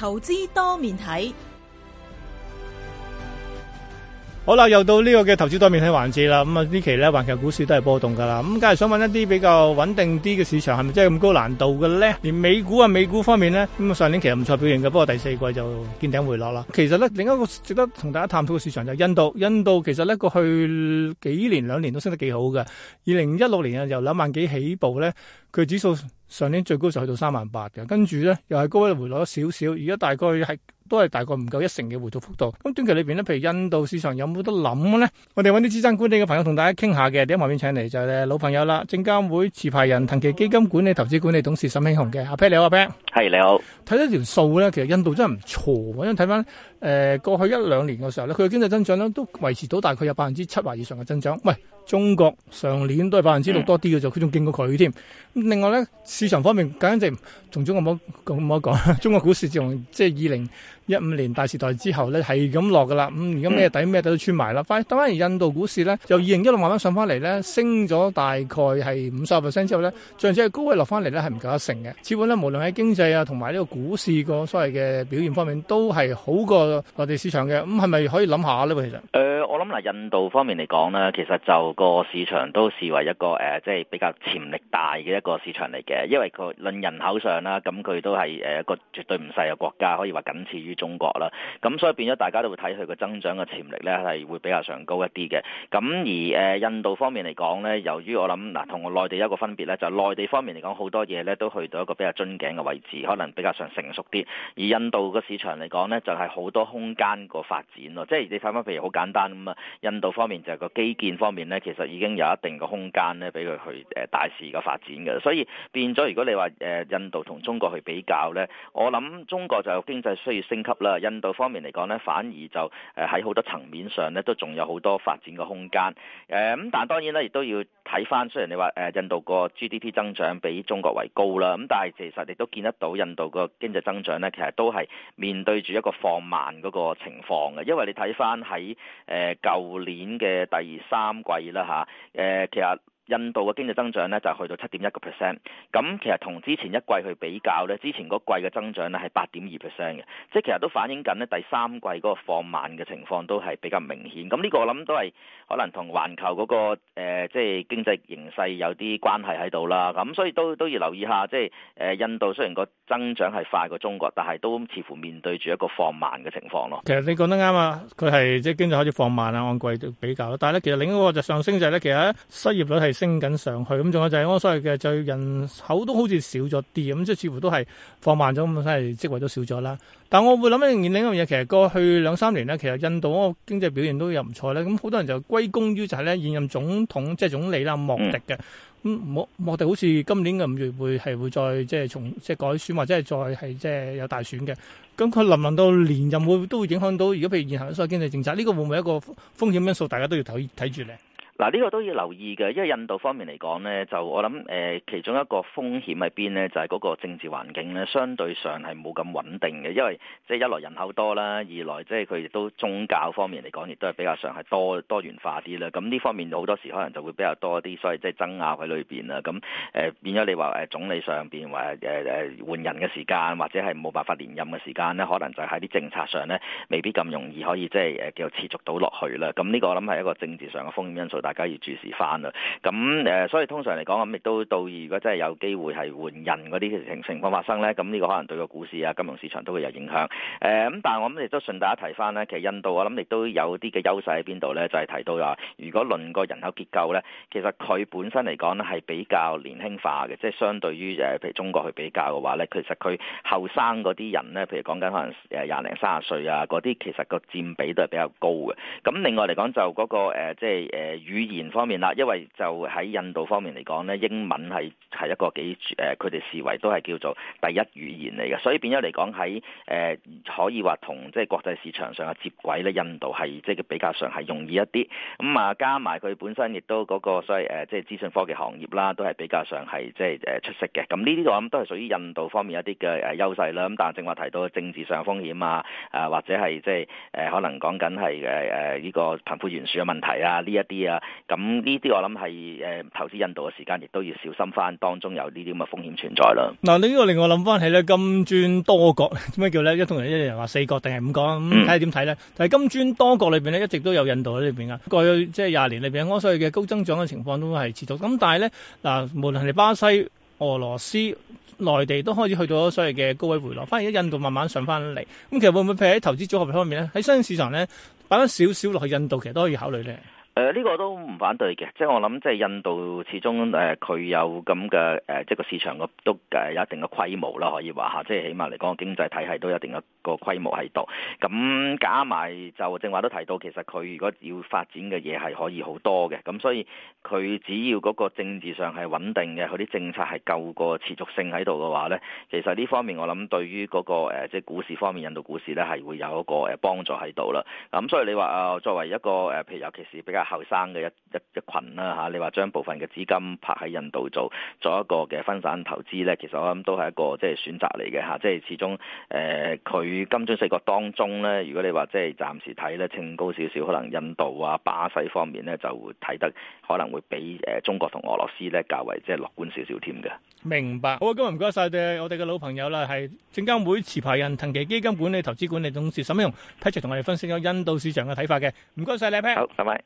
投資多面睇好啦，又到呢個嘅投資多面睇環節啦。咁、嗯、啊，期呢還期咧環球股市都係波動噶啦。咁梗係想搵一啲比較穩定啲嘅市場，係咪真係咁高難度嘅咧？連美股啊，美股方面咧，咁、嗯、上年其實唔錯表現嘅，不過第四季就見頂回落啦。其實咧，另一個值得同大家探討嘅市場就係印度。印度其實咧過去幾年兩年都升得幾好嘅。二零一六年啊，由兩萬幾起步咧，佢指數。上年最高就去到三萬八嘅，跟住咧又係高位回落咗少少，而家大概係。都係大概唔夠一成嘅回吐幅度。咁短期裏邊咧，譬如印度市場有冇得諗咧？我哋揾啲資產管理嘅朋友同大家傾下嘅。點解下邊請嚟就係老朋友啦，證監會持牌人騰祺基金管理投資管理董事沈慶洪嘅。阿 Pat，你好，阿 Pat。係，你好。睇咗條數咧，其實印度真係唔錯。因為睇翻誒過去一兩年嘅時候咧，佢嘅經濟增長咧都維持到大概有百分之七或以上嘅增長。喂，中國上年都係百分之六多啲嘅就，佢仲勁過佢添。另外咧，市場方面，簡直即同中國冇好唔講中國股市自從即係二零。一五年大時代之後咧，係咁落噶啦。咁而家咩底咩底都穿埋啦。反而當翻而印度股市咧，由二零一六慢慢上翻嚟咧，升咗大概係五十 percent 之後咧，上次嘅高位落翻嚟咧係唔夠一成嘅。基本咧，無論喺經濟啊同埋呢個股市個所謂嘅表現方面，都係好過內地市場嘅。咁係咪可以諗下呢？其實。我諗嗱，印度方面嚟講呢，其實就個市場都視為一個誒、呃，即係比較潛力大嘅一個市場嚟嘅。因為佢論人口上啦，咁佢都係誒一個絕對唔細嘅國家，可以話僅次於中國啦。咁所以變咗大家都會睇佢個增長嘅潛力咧，係會比較上高一啲嘅。咁而誒、呃、印度方面嚟講咧，由於我諗嗱，同、呃、內地一個分別咧，就係、是、內地方面嚟講好多嘢咧都去到一個比較樽頸嘅位置，可能比較上成熟啲。而印度個市場嚟講咧，就係、是、好多空間個發展咯。即係你睇翻，譬如好簡單。嗯、印度方面就係個基建方面呢，其實已經有一定嘅空間呢，俾佢去大肆嘅發展嘅。所以變咗，如果你話印度同中國去比較呢，我諗中國就經濟需要升級啦。印度方面嚟講呢，反而就誒喺好多層面上呢，都仲有好多發展嘅空間。咁、嗯，但當當然呢，亦都要睇翻。雖然你話印度個 GDP 增長比中國為高啦，咁、嗯、但係其實你都見得到印度個經濟增長呢，其實都係面對住一個放慢嗰個情況嘅。因為你睇翻喺舊年嘅第三季啦，吓誒，其實。印度嘅經濟增長咧就去到七點一個 percent，咁其實同之前一季去比較咧，之前嗰季嘅增長咧係八點二 percent 嘅，即係其實都反映緊咧第三季嗰個放慢嘅情況都係比較明顯。咁呢個我諗都係可能同環球嗰、那個、呃、即係經濟形勢有啲關係喺度啦。咁所以都都要留意一下，即係誒、呃、印度雖然個增長係快過中國，但係都似乎面對住一個放慢嘅情況咯。其實你講得啱啊，佢係即係經濟開始放慢啊，按季都比較。但係咧，其實另一個就上升就係、是、咧，其實失業率係。升緊上去，咁仲有就係我所謂嘅，就人口都好似少咗啲，咁即係似乎都係放慢咗，咁咪真係職位都少咗啦。但係我會諗咧，年齡嗰樣嘢，其實過去兩三年咧，其實印度嗰個經濟表現都又唔錯咧，咁好多人就歸功於就係咧現任總統即係、就是、總理啦莫迪嘅。咁、嗯、莫莫迪好似今年嘅五月會係會再即係從即係改選或者係再係即係有大選嘅。咁佢能唔能到連任會都會影響到？如果譬如現行所謂嘅經濟政策，呢、這個會唔會一個風險因素？大家都要睇睇住咧。嗱、這、呢個都要留意嘅，因為印度方面嚟講咧，就我諗，誒、呃、其中一個風險喺邊咧，就係、是、嗰個政治環境咧，相對上係冇咁穩定嘅。因為即係一來人口多啦，二來即係佢亦都宗教方面嚟講亦都係比較上係多多元化啲啦。咁呢方面好多時可能就會比較多啲，所以即係爭拗喺裏邊啦。咁誒、呃、變咗你話誒總理上邊或誒誒換人嘅時間或者係冇辦法連任嘅時間咧，可能就喺啲政策上咧，未必咁容易可以即係誒叫持續到落去啦。咁呢個我諗係一個政治上嘅風險因素。大家要注視翻啦，咁誒，所以通常嚟講，咁亦都到，如果真係有機會係換人嗰啲情情況發生咧，咁呢個可能對個股市啊、金融市場都會有影響。咁、嗯、但係我諗亦都順帶大家提翻咧，其實印度我諗亦都有啲嘅優勢喺邊度咧，就係、是、提到話，如果論個人口結構咧，其實佢本身嚟講咧係比較年輕化嘅，即係相對於誒譬如中國去比較嘅話咧，其實佢後生嗰啲人咧，譬如講緊可能誒廿零、十歲啊嗰啲，其實個佔比都係比較高嘅。咁另外嚟講就嗰、那個、呃、即、呃語言方面啦，因為就喺印度方面嚟講咧，英文係係一個幾誒，佢哋視為都係叫做第一語言嚟嘅，所以變咗嚟講喺誒可以話同即係國際市場上嘅接軌咧，印度係即係比較上係容易一啲。咁啊，加埋佢本身亦都嗰個所謂誒，即係資訊科技行業啦，都係比較上係即係誒出色嘅。咁呢啲我諗都係屬於印度方面一啲嘅誒優勢啦。咁但係正話提到政治上風險啊，啊或者係即係誒可能講緊係誒誒呢個貧富懸殊嘅問題啊，呢一啲啊。咁呢啲，我諗係誒，投資印度嘅時間亦都要小心翻，當中有呢啲咁嘅風險存在啦。嗱，呢個令我諗翻起咧，金磚多國點解叫咧？一同人一人話四國，定係五國咁睇下點睇咧？但係、嗯、金磚多國裏邊咧，一直都有印度喺裏邊噶。過去即係廿年裏邊，我所謂嘅高增長嘅情況都係持續。咁但係咧嗱，無論係巴西、俄羅斯、內地都開始去到所謂嘅高位回落，反而啲印度慢慢上翻嚟。咁其實會唔會譬如喺投資組合方面咧，喺新興市場咧，擺咗少少落去印度，其實都可以考慮咧。誒、這、呢個都唔反對嘅，即係我諗，即係印度始終誒佢有咁嘅、呃、即係個市場都有一定嘅規模啦，可以話嚇，即係起碼嚟講經濟體係都有一定嘅個規模喺度。咁加埋就正話都提到，其實佢如果要發展嘅嘢係可以好多嘅。咁所以佢只要嗰個政治上係穩定嘅，佢啲政策係夠個持續性喺度嘅話呢其實呢方面我諗對於嗰、那個、呃、即係股市方面，印度股市呢係會有一個誒幫助喺度啦。咁所以你話啊、呃，作為一個誒、呃，譬如尤其是比較。後生嘅一一一群啦嚇，你話將部分嘅資金拍喺印度做做一個嘅分散投資咧，其實我諗都係一個即係選擇嚟嘅嚇。即係始終誒，佢金磚四國當中咧，如果你話即係暫時睇咧，清高少少，可能印度啊、巴西方面咧，就會睇得可能會比誒中國同俄羅斯咧較為即係樂觀少少添嘅。明白，好啊！今日唔該曬我哋嘅老朋友啦，係證監會持牌人騰祺基金管理投資管理董事沈慶洪 Patrick 同我哋分析咗印度市場嘅睇法嘅。唔該晒你啊 Patrick，好，拜拜。